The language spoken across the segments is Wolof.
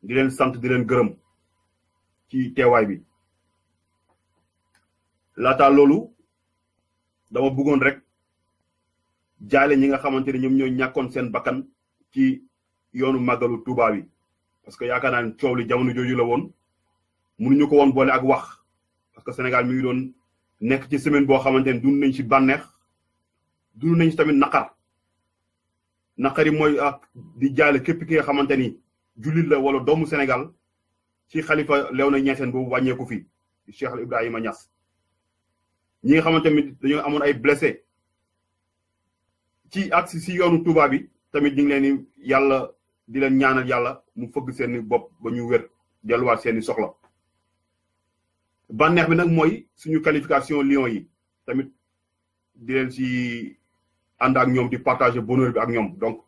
di leen sant di leen gërëm ci teewaay bi laataa loolu dama bëggoon rek jaale ñi nga xamante ne ñoom ñoo ñàkkoon seen bakkan ci yoonu màggalu Tuuba bi parce que yaakaar naa ne coow li jamono jooju la woon mënuñu ko woon boole ak wax parce que Sénégal mi doon nekk ci semaine boo xamante ne dund nañ ci bànneex dund nañ ci tamit naqar naqari mooy di jaale képp ki nga xamante ni julit la wala doomu senegal ci xalifa leewna ñeeseen boobu ko fi cheikh ibrahima ñas ñi nga xamante tamit dañoo ay blessé ci aksi si yoonu touba bi tamit ñing leni leen di nyana di leen ñaanal yalla mu fëgg seen bop ba ñu wér delluwaat seen soxla banex bi nak moy suñu qualification lion yi tamit di leen si andak ñom di partager bonheur bi ak ñom donc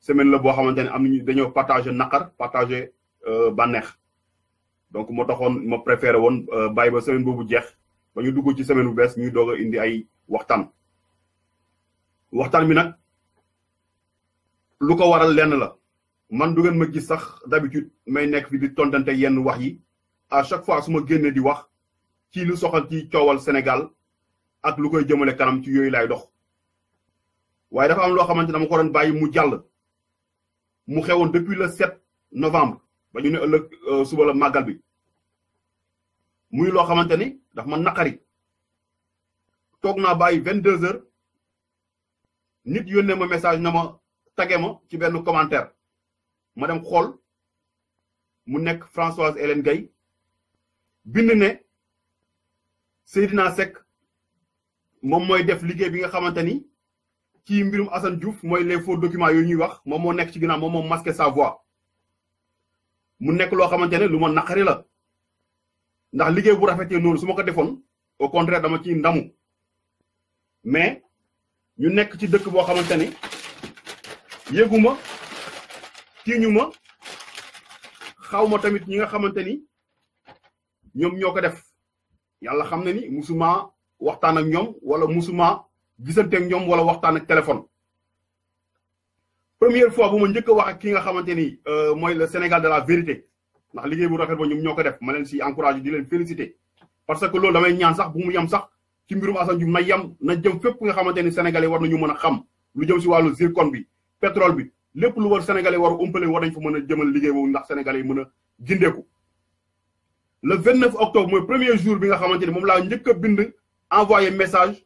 semaine la bo xamante ne am nañu dañoo partagé naqar partagé euh, banex donc mo taxone ma préférer woon euh, bàyyi ba semaine bobu jeex ba ñu dugg ci semaine bu bees ñu doog indi ay waxtan waxtan bi nak lu ko waral lenn la man du ngeen ma gis sax d'habitude may nekk fi di tontante yenn wax yi à chaque fois su ma di wax ci lu soxal ci coowal Sénégal ak lu koy jëmale kanam ci yooyu lay dox waaye dafa am loo xamante dama ko doon bàyyi mu jàll mu depuis le 7 novembre ba ñu ne ëllëg euh, suba la magal bi muy loo xamante ni daf ma naqari toog naa bàyyi 22 heures nit yónnee ma message na ma tage ma ci benn commentaire ma dem xool mu nekk Françoise Hélène Gay, bind ne Seydina Seck moom mooy def liggéey bi nga xamante ni. ci mbirum asan Diouf moy les faux documents yooyu ñuy wax mom mo nek ci ginnaaw mom mo masquer sa voix mu nek lo xamantene ne nakari la ndax liggéey bu rafeté noonu suma ko defoon au contraire dama ci ndamu mais ñu nek ci dëkk bo xamantene ne yëguma tiiñu ma tamit ñi nga xamante ñom ñoko def yalla xamna ni musuma waxtaan ak ñom wala musuma gisanteeg ñom wala waxtaan ak téléphone première fois bu ma njëkk wax ak ki nga xamanteni euh moy le Sénégal de la vérité ndax liggéey bu rafet ba ñum ñoko def ma leen ci encourager di leen féliciter parce que loolu damay ñaan sax bu mu yam sax ci mbirum asan ju may yam na jëm fépp nga xamanteni sénégalais war nañu mëna xam lu jëm ci walu zircon bi pétrole bi lépp lu war sénégalais war umpelé war nañ fa mëna a jëmal liggéey boobu ndax sénégalais mëna mën le 29 octobre moy premier jour bi nga xamanteni mom la laa bind envoyer message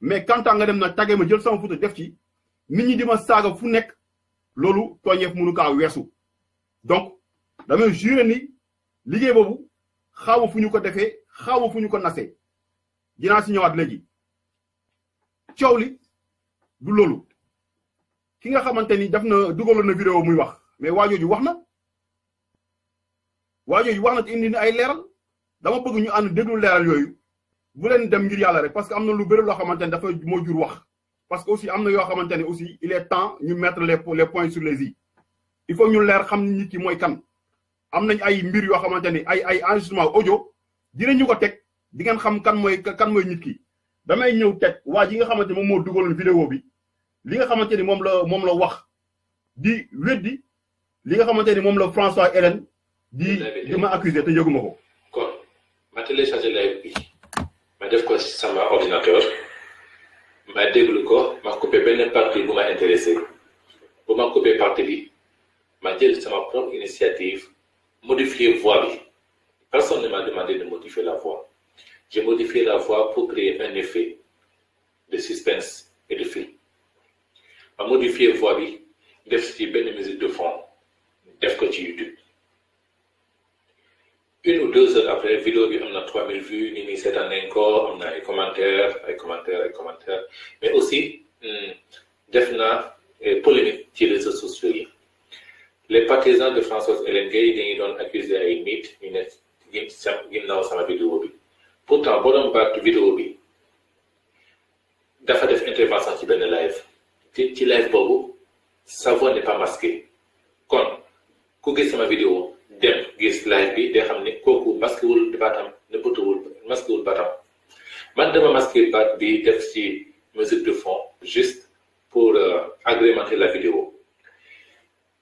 mais kantaa nga dem na tagee ma jël sama photo def ci nit ñi di ma saaga fu nekk loolu tooñeef mënu kaa weesu donc dama juré ni liggéey boobu xaw fu ñu ko defee xaw fu ñu ko nase dinaa si ñëwaat léegi coow li du loolu ki nga xamante ni daf na dugaloon na vidéo muy wax mais waajooju wax na waajooju wax na te indi na ay leeral dama bëgg ñu ànd déglu leeral yooyu bu leen dem ngir yalla rek parce que amna lu beureu lo xamante dafa mo jur wax parce que aussi amna yo yoo aussi il est temps ñu mettre les les points sur les i il faut ñu leer xam nit ki moy kan am ay mbir yo xamante ay ay enregistrement audio dinañu ko tek di ngeen xam kan moy kan moy nit ki damay ñëw tek waaji nga xamante mom mo moo dugaloon vidéo bi li nga xamante mom la mom la wax di weddi li nga xamante mom la François Hélène di dama accuser accusé te yëguma ko kon ma téléchargé live bi ma def ko sama ordinateur ma déglu ko ma coupé benn partie bu ma intéressé ma coupé partie bi ma jël ma propre initiative modifier voix personne ne m'a demandé de modifier la voix j'ai modifié la voix pour créer un effet de suspense et de film ma modifier voix bi def ci une musique de fond def ko ci YouTube une ou deux heures après la vidéo a eu 3000 vues nit ñi encore, on a am a des commentaires des commentaires des commentaires mais aussi hmm, des polémiques eh, polémique les réseaux sociaux les partisans de Françoise Hélène ont accusé à accuser limite une ñu une dans la vidéo Pourtant, pourtant on de la vidéo il a dafa def intervention qui benn live ci en live boobu sa voix n'est pas masquée kon coupez gis ma vidéo dem gis live bi day xam ne kooku masqué wul baatam ne wul masqué wul baatam man dama masqué baat bi def ci musique de fond juste pour euh, agrémenter la vidéo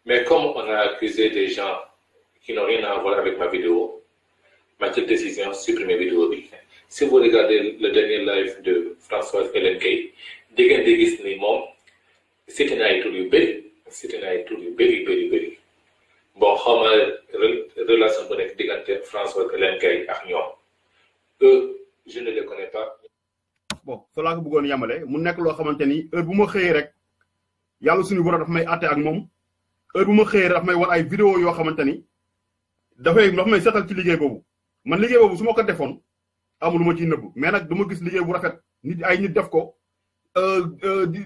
mais comme on a accusé des gens qui n'ont rien à voir avec ma vidéo ma seule décision supprimer vidéo bi si vous regardez le dernier live de Françoise Hélène Kay, di ngeen di gis ni moom cité na ay tur yu bëri cité na ay tur yu bon xama relation bu François ak ñom je ne les connais pas. bon bëggoon mu nekk lo xamanteni heure bu rek yalla suñu borom daf may atté ak mom heure bu ma may war ay vidéo yo xamanteni may ci liggéey bobu man liggéey bobu suma ko defoon amul ma mais nak gis liggéey bu rafet nit ay nit def ko euh, euh, di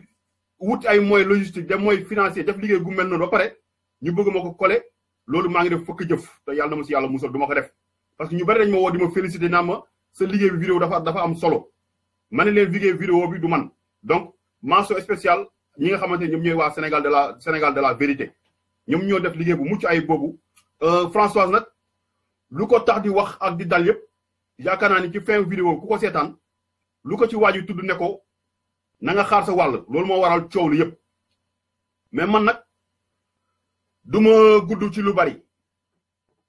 wut ay moyens logistique moyens financier def liggéey gu mel ba paré ñu bëgg mako coller loolu maa ngi def fukki jëf te yàlla na ma si yàlla musal du ma ko def parce que ñu bari dañ ma woo di ma félicité naa ma sa liggéey bi vidéo dafa dafa am solo ma ne leen liggéey vidéo bi du man donc mention spécial ñi nga xamante ne ñoom ñooy waa Sénégal de la Sénégal de la vérité ñoom ñoo def liggéey bu mucc ay boobu euh, Françoise nag lu ko tax di wax ak di dal yëpp yaakaar naa ni ci fin vidéo ku ko seetaan lu ko ci waaju tudd ne ko na nga xaar sa wàll loolu moo waral coow li yëpp mais man nag du ma gudd ci lu bari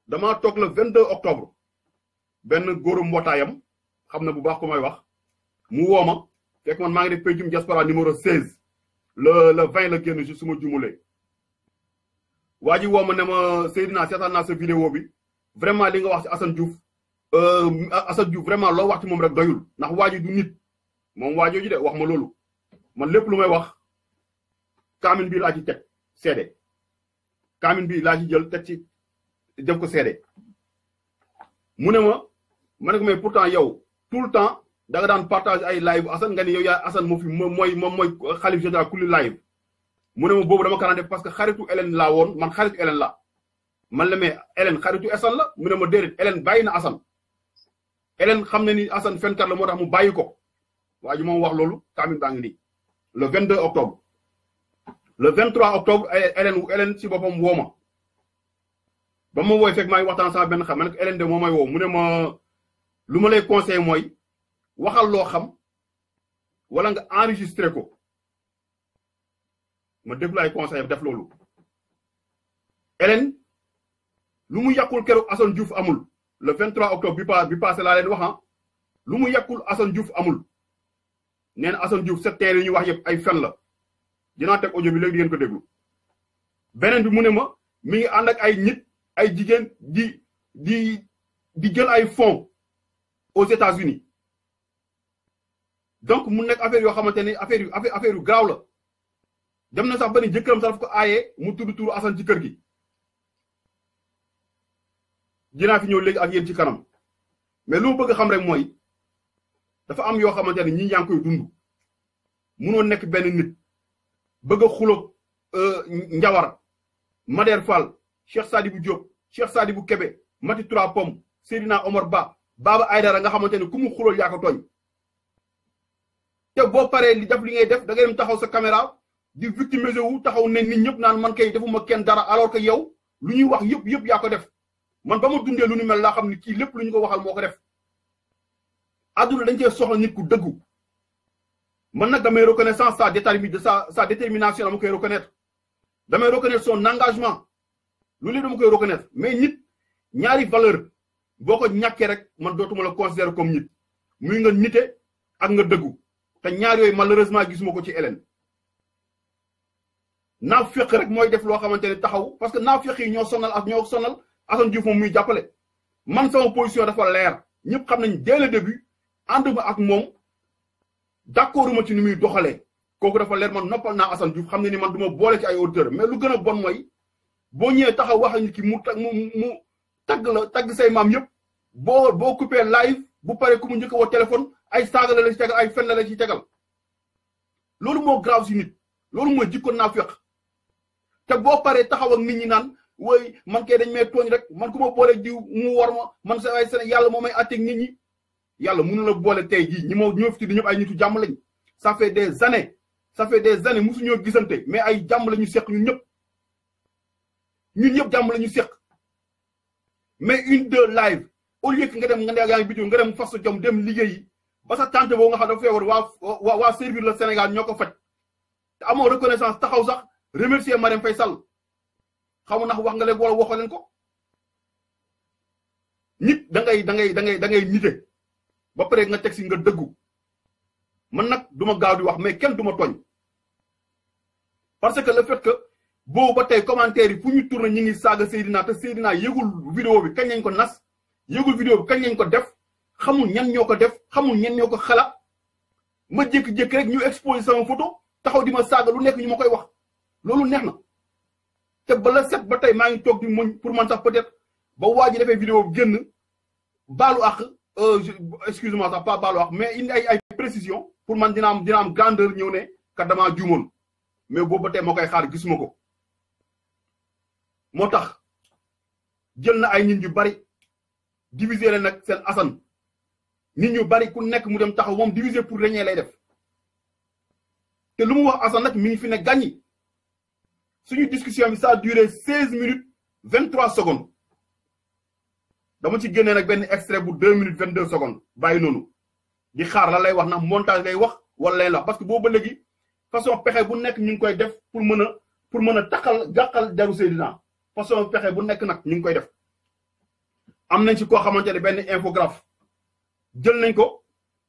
damaa toog le 22 octobre benn góoru mbootaayam xam na bu baax ko may wax mu woo ma fekk man maa ngi def péncum diaspora numéro 16 le la 20 la génn ci su ma jumulee waa ji woo ma ne ma Seydina seetaan naa sa vidéo bi vraiment li nga wax ci Assane Diouf euh, Assane Diouf vraiment loo wax ci moom rek doyul ndax waa ji du nit moom waa jooju de wax ma loolu man lépp lu may wax kaamin bi laa ci teg seede kaamin bi laa ci jël teg ci def ko seede mu ne ma ma ne ko mais pourtant yow tout le temps da nga daan partage ay live Assane nga ne yow yaa Assane moo fi moom mooy moom mooy xalif général kulli live mu ne ma boobu dama kanaan def parce que xaritu Hélène laa woon man xaritu Hélène la man la mais Hélène xaritu Assane la mu ne ma déedéet Hélène bàyyi na Assane Hélène xam na ni Assane fenkat la moo tax mu bàyyi ko waa ji moom wax loolu kaamin baa ngi nii le 22 octobre le 23 octobre eh, Hélène Hélène si boppam woo ma ba ma wooy fekk maa ngi waxtaan sama benn xam ma ne ko Hélène de woo mu ne ma lu ma lay conseil mooy waxal loo xam wala nga enregistré ko ma déglu ay def loolu Hélène lu mu yàqul keroog Assane Diouf amul le 23 octobre bi pa bi passé laa leen wax ah. lu mu yàqul Assane Diouf amul neen na juf Diouf sa yi ñu wax yëpp ay fen la dinaa teg audio bi legui di ngeen ko deglu benen bi mu ma mi ngi ànd ak ay nit ay jigen di di di jël ay fonds aux États-Unis donc mu nekk affaire yo xamanteni affaire yu affaire yu garaaw la dem na sax ba ni sax ko ayé mu tuddu turu Assane ci kër gi. dina fi ñew léegi ak yéen ci kanam mais lu bëgg xam rek moy dafa am yo xamanteni ñi yaa koy dund munoo nekk benn nit. bëgg a xuloog euh, Njawar Mader Fall Cheikh Sadibou Diop Cheikh Sadibou Kebe Mati Trois Pommes Seydina Omar Ba Baba Aydara nga xamante ne ku mu xulool yaa ko tooñ te boo paree li def li ngay def da ngay taxaw sa caméra di victimiser wu taxaw ne ni ñëpp naan man kay defuma kenn dara alors que yow lu ñuy wax yëpp yëpp yaa ko def man ba ma dundee lu ñu mel laa xam ni kii lépp lu ñu ko waxal moo ko def àdduna dañ cee soxla nit ku dëggu man nag damay reconnaissance sa détermi sa sa détermination dama koy reconnaître damay reconnaître son engagement lu lee dama koy reconnaître mais nit ñaari valeur boo ko ñàkkee rek man dootuma la considérer comme nit muy nga nite ak nga dëggu te ñaar yooyu malheureusement gisuma ko ci Hélène naa féq rek mooy def loo xamante ne taxaw parce que naa féq yi ñoo sonal ak ñoo sonal Assane Diouf moom muy jàppale man sama position dafa leer ñëpp xam nañ dès le début ànduma ak moom d'accord ma ci ni muy doxalee kooku dafa leer man noppal naa Assane Diouf xam ne ni man du ma boole ci ay auditeurs mais lu gën a bon mooy boo ñëwee taxaw wax nit ki mu tag mu mu tagg la tagg say maam yëpp boo boo coupé live bu paree ku mu njëkk woo téléphone ay saaga ci tegal ay fen la la ci tegal loolu moo grave si nit loolu mooy jikko naafeq te boo paree taxaw ak nit ñi naan woy man kay dañ may tooñ rek man ku ma boole diw mu war ma man sa ay Sénégal yàlla moo may àtteeg nit ñi yàlla mënu la boole tey jii ñi moo ñoo fi tudd ñëpp ay nitu jàmm lañ ça fait des années ça fait des années musu ñoo gisante mais ay jàmm la ñu seq ñun ñëpp ñun ñëpp jàmm la ñu seq mais une deux live au lieu que nga dem nga ne yaa ngi bitim nga dem fas sa jom dem liggéeyi ba sa tante boobu nga xam dafa feebar waa waa servir le Sénégal ñoo ko faj te amoo reconnaissance taxaw sax remercier Marème Faye Sall xamu ndax wax nga leen wala waxoo leen ko nit da ngay da ngay da ngay da ngay nite ba pare nga teg si nga dëggu man nag duma gaaw di wax mais kenn du ma tooñ parce que le fait que boobu ba tey commentaire yi fu ñu tourné ñi ngi saaga Seydina te Seydina yëgul vidéo bi kañ lañ ko nas yëgul vidéo bi kañ lañ ko def xamul ñan ñoo ko def xamul ñan ñoo ko xalaat ma jékki-jékki rek ñu exposé sama photo taxaw di ma saaga lu nekk ñu ma koy wax loolu neex na te bala set ba tey maa ngi toog di muñ pour man sax peut-être ba waa ji defee vidéo bi génn baalu àq Euh, excusez-moi, ça pas valoir, mais il y a une précision pour moi, dire que j'ai une grande réunion quand j'ai du monde. Mais si j'ai l'impression que je l'ai vu, je l'ai vu. C'est ça. Il y a des gens qui ont divisé leur assemblée. Les gens qui ont beaucoup de gens qui ont été divisés pour régner. Et ce que je dis à c'est qu'ils ont gagné. Notre discussion a duré 16 minutes 23 secondes. dama ci génnee nag benn extrait bu deux minutes vingt deux secondes bàyyi noonu di xaar la lay wax ndax montage lay wax wala lay wax parce que boobu ba léegi façon pexe bu nekk ñu ngi koy def pour mën a pour mën a taxal gàqal deru Seydina façon pexe bu nekk nag ñu ngi koy def am na ci koo xamante ne benn infographe jël nañ ko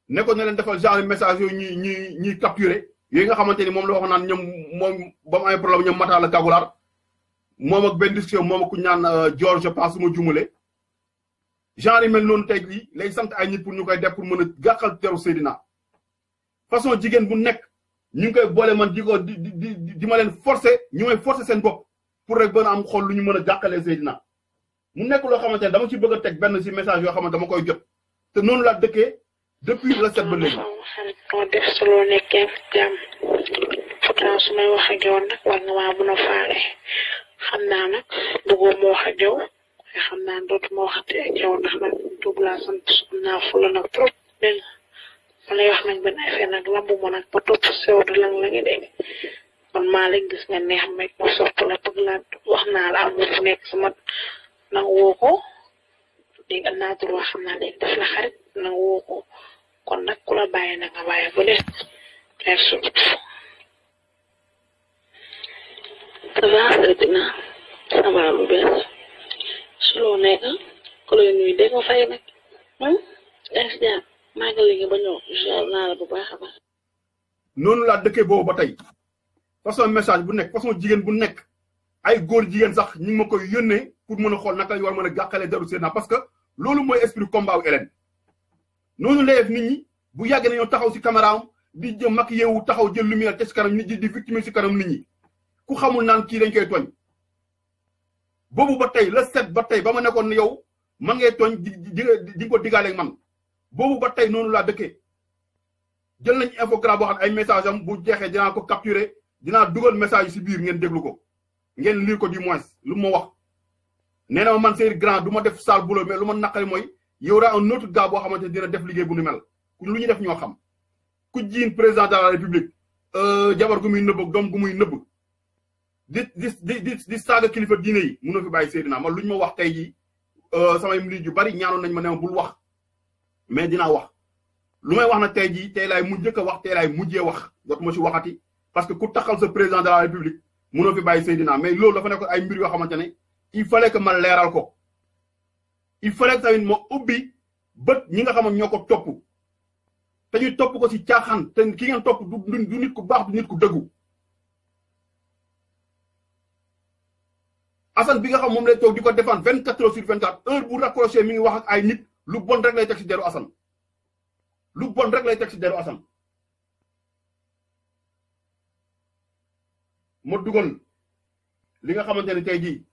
ne ko ne leen defal message yooyu ñuy ñuy ñuy capturé yooyu nga xamante ni moom la wax naan ñoom moom ba mu amee problème ñoom mataa la kagulaar moom ak benn discussion moom ak ku ñaan euh, George je pense su ma jumalee genre yu mel noonu tey jii lay sant ay ñi pour ñu koy def pour mën a gàqal teru Seydina façon jigéen bu nekk ñu ngi koy boole man di ko di di di ma leen forcer ñu may forcer seen bopp pour rek ba am xol lu ñu mën a gàqalee Seydina mu nekk loo xamante ne dama ci bëgg a teg benn si message yoo xam ne dama koy jot te noonu laa dëkkee depuis la set ba léegi. waaw def faale xam naa nag bëggoo ma wax yow nga xam naa dootuma waxante ak yow ndax nag tuub laa sant naa fula nag trop dégg ma lay wax nag benn affaire nag lambu ma nag ba topp sewatu lan la ngi dégg kon maa lay gis nga neex meg ma sopp la bëgg laa wax naa la am fu nekk sama nag woo ko dégg naa xam naa léegi def la xarit woo ko kon nag ku la bàyyi na nga bàyyi suloo nekka ku lay nuy dégg nga fay nag hmm? ba ñëw incha allah bu noonu laa dëkkee boobu ba tey façon message bu nekk façon jigéen bu nekk ay góor jigéen sax ñu ngi ma koy yónnee pour mën a xool naka lañu war mën a gàqalee deru Seydina parce que loolu mooy esprit combat wu Hélène noonu lay def ñi bu yàgg nañoo taxaw si caméra di jëm mag yeewu taxaw jël lumière te si kanam nit ñi di victime si kanam nit ñi ku xamul naan kii dañ koy tooñ boobu ba tey la set ba tey ba ma nekkoon yow man ngay tooñ di di di ko man boobu ba tey noonu laa dëkkee jël nañ Infocra boo xam ay message am bu jeexee dinaa ko capturer dinaa dugal message yi si biir ngeen déglu ko ngeen lire ko du moins lu ma wax. nee na ma man Seydou Grand du ma def sale boulot mais lu ma naqari mooy yow daa un autre gars boo xamante ne dina def liggéey bu nu mel ku lu ñu def ñoo xam ku jin président de la république euh, jabar gu muy nëbb ak doom muy nëbb. di di di di saaga kilifa diine yi mënoo fi bàyyi Seydina man lu ma wax tey euh sama murid yu bari ñaanoon nañ ma ne bul wax mais dina wax lu may wax nag tey ji tey lay mujjëkk a wax tey laay mujjee wax dootuma si waxati parce que ku taxal sa président de la république mënoo fi bàyyi Seydina mais loolu dafa nekk ay mbir yoo xamante ne il fallait que ma leeral ko il fallait que tamit ma ubbi bët ñi nga xam ne ñoo ko topp te ñu topp ko si caaxaan te ki ngeen topp du du nit ku baax du nit ku dëggu. Assane bi nga xam moom lay toog di ko défendre vingt quatre heures sur vingt quatre heure bu raccroché mi ngi wax ay nit lu bon rek lay teg ci deru Assane lu bon rek lay teg ci deru Assane ma dugal li nga xamante ne tey jii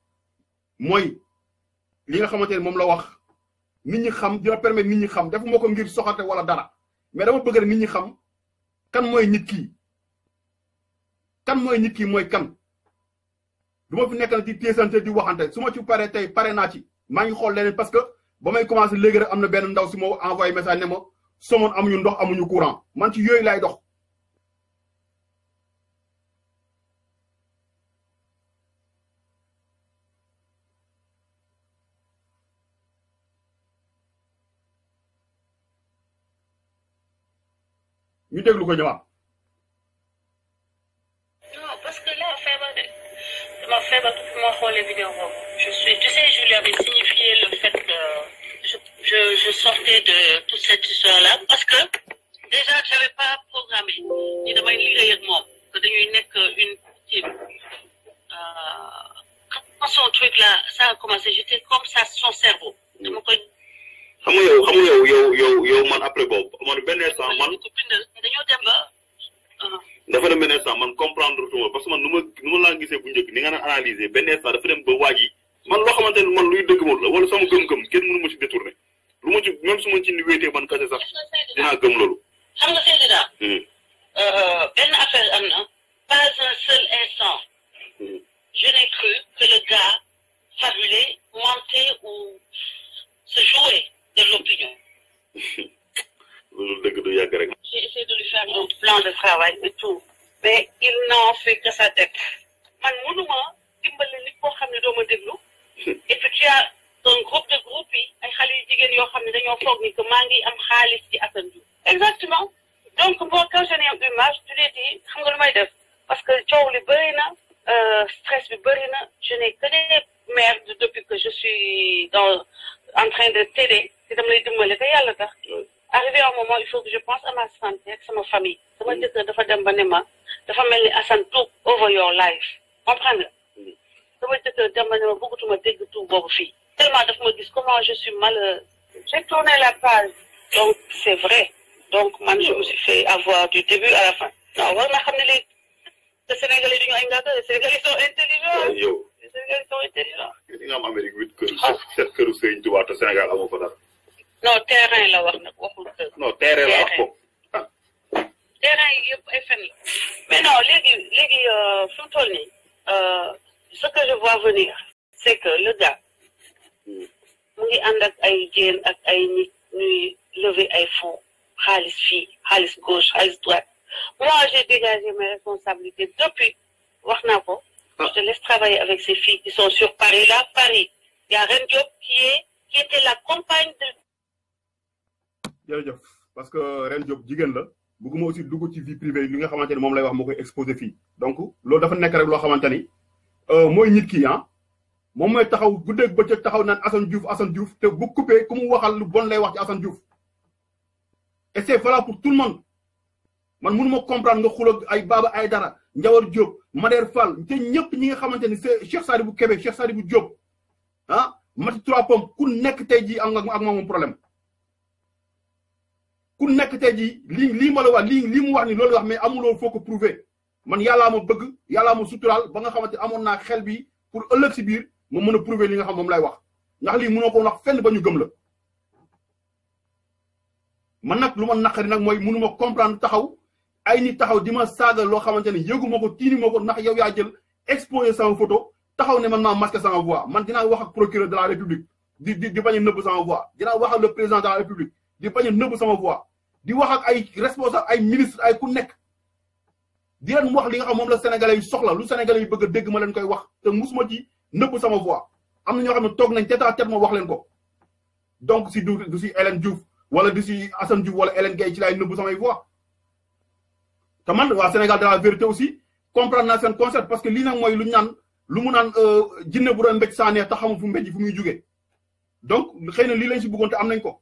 mooy li nga xamante ne moom la wax nit ñi xam dina permettre nit ñi xam defuma ko ngir soxate wala dara mais dama bëgg rek nit ñi xam kan mooy nit kii kan mooy nit kii mooy kan du ma fi nekkal di téesante di waxante su ma ci pare tey pare naa ci maa ngi xool leneen parce que ba may commencé léegi am na benn ndaw si moo envoyé message ne ma somoon amuñu ndox amuñu courant man ci yooyu laay dox ñu déglu ko ñëwaat fait ba pour moi xool vidéo boobu je suis tu sais je lui avais signifié le fait que je je, je sortais de toute cette histoire là parce que déjà j'avais pas programmé ni damay liggéey ak moom que dañuy nekk une team euh, quand son truc là ça a commencé j'étais comme ça son cerveau dama koy xam yo, yow xam yo, yo, yo, yow yow man après boobu man ben instant man dañoo dem ba euh, dafa dem benn instant man comprendre tuma parce que man nu ma nu ma laa gisee bu njëkk ni nga naan analyser benn instant dafa dem ba waaj yi man loo xamante ne man luy dëgg moom la wala sama gëm-gëm kenn mënu ma ci détourné lu ma ci même su ma ci ni wéetee man kase sax dinaa gëm loolu. xam nga Seydina. Hmm. Euh, benn affaire am na. pas un seul instant. Hmm. je n'ai cru que le gars fabulait, mentait ou se jouer de l'opinion. loolu dëgg du yàgg rek j'ai essayé de lui faire un plan de travail et tout mais il n'en fait que sa tête man mënuma dimbali nit ko xam do ma déglu et puis tu as un groupe de groupes yi ay xale yu jigéen yoo xam ne ni que maa ngi am xaliss ci Assane Diouf exactement donc moi quand j'en ai eu marre je l'ai dit xam nga lu may def parce que coow li bëri na euh, stress bi bëri na je n'ai que des merdes depuis que je suis dans en train de t'aider si dama lay dimbali te yàlla tax arrivé à un moment il faut que je pense à ma santé à ma famille sama m'a dafa dem ba ma dafa mel ni Assane took over your life comprendre nga sama jëkkër dem ba ne ma bëggatuma dégg tout boobu fii tellement daf ma gis comment je suis mal. j'ai tourné la page donc c'est vrai donc man je me suis fait avoir du début à la fin non war ma famille, ne léegi te Sénégalais duñu ay ngàkk Sénégalais sont intelligents yow Sénégalais sont intelligents li nga am Amérique huit kër sept këru sëriñ Tuubaa te Sénégal amoo ko non terrain la wax nag waxul non terrain la wax ko. terrain yi yëpp ay mais non léegi léegi euh, fi mu euh, ce que je vois venir c'est que le gars mu ngi ànd ak ay jéen ak ay nit ñuy lever ay fonds xaalis fii xaalis gauche xaalis droite moi j'ai dégagé mes responsabilités depuis wax naa ko ah. je laisse travailler avec ces filles qui sont sur Paris là Paris y a Ren Diop qui est qui était la compagne de parce que Ren Diop jigéen la bëgguma aussi ci vie privée li nga xamante ni lay wax exposé donc loolu dafa nekk rek loo xamante ni euh, mooy nit ki ah. taxaw taxaw Diouf Diouf bu coupé waxal bon lay wax ci et c'est valable pour tout le monde man comprendre nga ay Diop Fall ñi nga Cheikh Cheikh Diop ah. ku que ak problème ku nekk tey jii lii lii ma la wax lii lii mu wax ni loolu wax mais amuloo foo ko prouver man yàllaa ma bëgg yàllaa ma sutural ba nga xamante amoon naa xel bi pour ëllëg si biir ma mën a prouver li nga xam moom lay wax ndax lii mënoo ko wax fenn ba ñu gëm la man nag lu ma naqari nag mooy mënu comprendre taxaw ay nit taxaw di ma saaga loo xamante ne yëgu ko ko jël exposé sama photo taxaw ne man maa masqué sama voix man dinaa wax ak procureur de la république di di di bañ a nëbb sama voix dinaa wax ak le président de la république di bañ neub sama voix di wax ak ay responsable ay ministre ay ku nek di len wax li nga xam mom la sénégalais yi soxla lu sénégalais yi bëgg dégg ma len koy wax te musuma ci neub sama voix am na ñoo xam ne nañ tête tata tête ma wax len ko donc si du si Hélène Diouf wala du si Assane Diouf wala Hélène Gueye ci lay neub sama voix te man wa Sénégal de la vérité aussi comprendre naa seen concept parce que li nak moy lu ñaan lu mu naan euh jinné bu doon mbéj sa né ta xamu fu mbéj fu muy juggé donc xeyna li lañ ci bëggoon te am nañ ko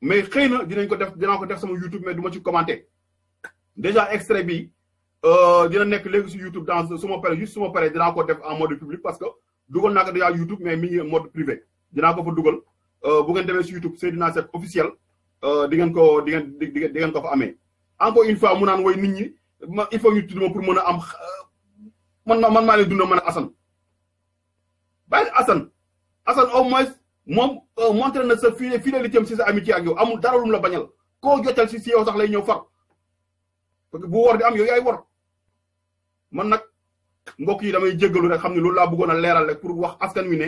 mais xëy na dinañ ko def dinaa ko def sama YouTube mais du ma ci commenté déjà extrait bi euh, dina nekk léegi si YouTube dans suma pare juste suma pare dinaa ko def en mode public parce que dugal naa ko YouTube mais mi ngi mode privé dinaa ko fa dugal euh, bu ngeen demee si YouTube Seydina Seck officiel euh, di ngeen ko di ngeen di ngeen ko fa amee. encore une fois mu naan way ni ñi ma il faut ñu tudd ma pour mën a am man man maa leen dund man ak Assane bàyyi Assane Assane moom euh, montré na sa fi fidélité am si sa amitié ak yow amul dara lu mu la bañal koo jotal si si yow sax lay ñëw far parce que bu wor di am yow ay wor man nag mbokk yi damay jéggalu rek xam ne loolu laa bëggoon a leeral rek pour wax askan wi ne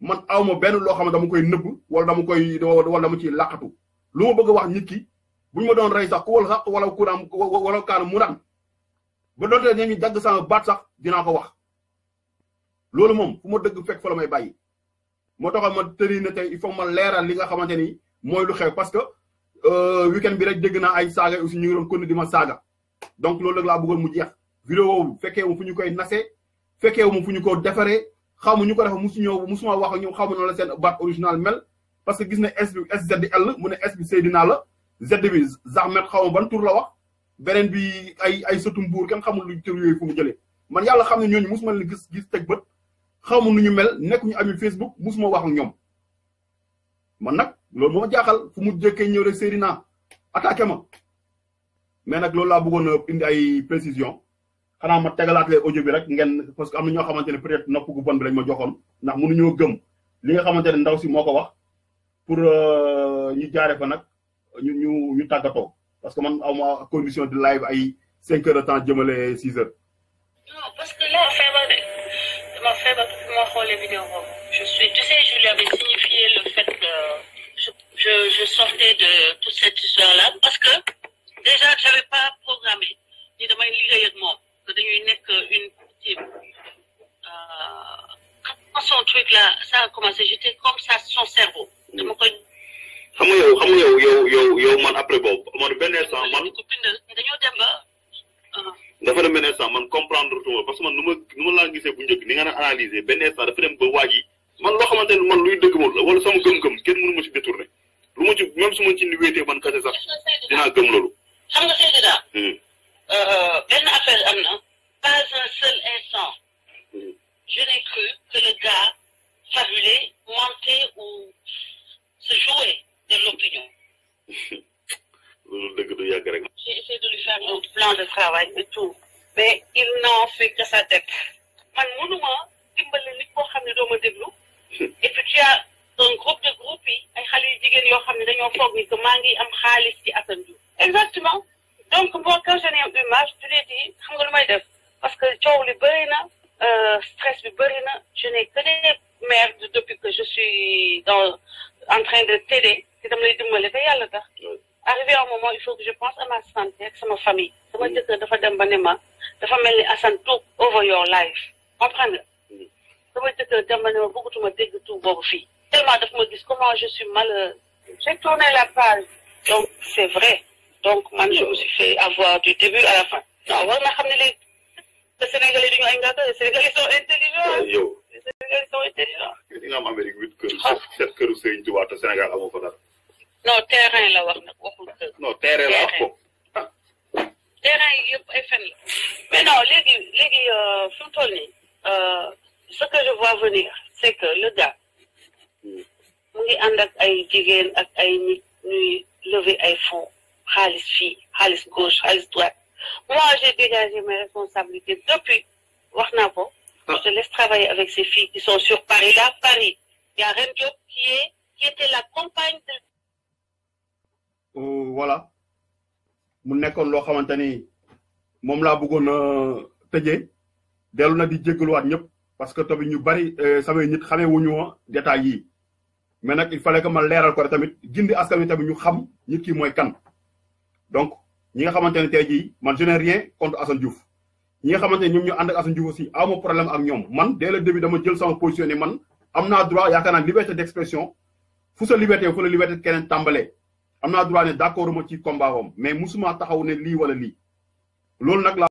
man awma benn loo xam ne dama koy nëbb wala dama koy wala dama ciy làqatu lu ma bëgg a wax nit ki bu ñu ma doon rey sax ko wala sax wala kuram wala kaanam mu ran ba doonte ña ngi dagg sama baat sax dinaa ko wax loolu moom fu ma dëgg fekk may bàyyi moo taxoon ma tëri na tey il faut ma leeral li nga xamante ni mooy lu xew parce que euh, weekend bi rek dégg naa ay saaga aussi ñu ngi doon kon ma saaga donc loolu rek laa bëggoon mu jeex. vidéo bu fekkee wu fu ñu koy nase fekkee wu fu ñu ko defaree xamu ñu ko def musu ñëw musuma wax ak ñoom xamu na la seen baat original mel parce que gis na S bi SZL mu ne S bi Seydina la bi Zahmet xaw ma ban tur la wax beneen bi ay ay sëtu mbuur kenn xamul lu tur yooyu fu mu jëlee man yàlla xam ne ñooñu musuma leen gis gis teg bët. xaw ma nu ñu mel nekk nekkuñu ami Facebook musuma wax ak ñoom man nag loolu moo jaaxal fu mu jëkkee ñëw rek séeri naa attaqué ma mais nag loolu laa bëggoon indi ay précision xanaa ma tegalaat le audio bi rek ngeen parce que am na ñoo xamante ne peut-être nopp gu bon bi lañ ma joxoon ndax mënuñoo gëm li nga xamante ne ndaw si moo ko wax pour euh, ñu jaare fa nag ñu ñu ñu tàggatoo parce que man awma condition de live ay cinq heures de temps jëmale six heures va faire va tout moi, faire les vidéos. Je suis, tu sais, je lui avais signifié le fait que je, je, je sortais de toute cette histoire-là parce que déjà, je n'avais pas programmé ni de ma ligue avec moi. Que de une petite. Euh, quand son truc-là, ça a commencé, j'étais comme ça, son cerveau. De mon côté. xam nga yow xam nga yow yow après boobu man benn instant dafa dem benn instant man comprendre tout parce que man nu ma nu ma laa gisee bu njëkk ni nga na analyser benn instant dafa dem ba waaj yi man loo xamante ne man luy dëgg moom la wala sama gëm-gëm kenn mënu ma ci détourné lu ma ci même su ma ci wéetee man kase sax dinaa gëm loolu xam nga Seydou daal hmm. euh, benn affaire am na pas un seul instant hmm. je n'ai cru que le gars fabulait mentait ou se jouer de l'opinion dëgg du yàgg rek. j'ai essayé de lui faire un plan de travail et tout mais il n'en fait que sa tête. man mënuma dimbali nit koo xam ne doo ma déglu. et puis tu as un groupe de groupe yi ay xale yu jigéen yoo xam ne dañoo foog ni que maa ngi am xaalis ci Assane exactement donc boo quand j'en ai eu marre je l'ai dit xam nga lu may def parce que coow li bëri na euh, stress bi bëri na je n'ai que des merdes depuis que je suis dans en train de télé te dama lay dimbali te yàlla tax arrivé à un moment il faut que je pense à ma santé à ma famille sama jëkkër dafa dem ba ne ma dafa mel ni Assane took over your life comprendre nga sama jëkkër dem Beaucoup ne ma bëggatuma dégg tout vos filles. tellement daf ma dis comment je suis mal. j'ai tourné la page donc c'est vrai donc moi, je me suis fait avoir du début à la fin non war ma famille, les léegi te Sénégalais Les ay Sénégalais sont intelligents Les Sénégalais sont intelligents di nga am Amérique huit kër sept këru Sénégal amoo ko non terrain la wax nag waxul kër. non terrain la wax ko. terrain yi yëpp ay fen la mais non léegi léegi euh, fi mu toll nii euh, ce que je vois venir c' est que le gars mu ngi ànd ak ay jigéen ak ay nit ñuy lever ay fonds xaalis fii xaalis gauche xaalis droite moi j'ai dégagé mes responsabilités depuis wax naa ko. Ah. je laisse travailler avec ces filles qui sont sur Paris là Paris il y a Reine Diop qui est qui était la compagne de. Euh, voilà mu nekkoon loo xamante ni moom laa bëggoon a euh, tëjee dellu na di parce que tamit ñu bari euh, samay nit wuñu mais il fallait que ma leeral ko tamit gindi askan tamit ñu xam nit ki kan. donc ñi nga xamante je n'ai rien contre Diouf ñi nga ñu problème ak ñoom man dès le début dama jël sama position ni man droit yaakaar naa liberté d'expression fu sa liberté fu la liberté keneen tàmbalee. am naa droit ne d'accord ma ci combat am mais musuma taxaw ne lii wala lii loolu nag laa